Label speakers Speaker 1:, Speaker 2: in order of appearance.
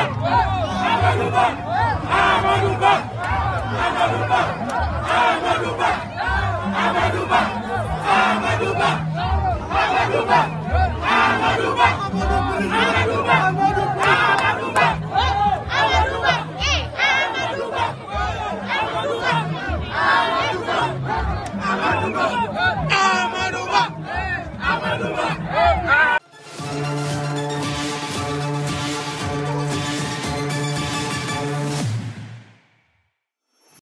Speaker 1: Amadou Ba Amadou Ba Amadou Ba Amadou Ba Amadou Ba Amadou Ba Amadou Ba Amadou Ba Amadou Ba Amadou Ba Amadou Ba Amadou Ba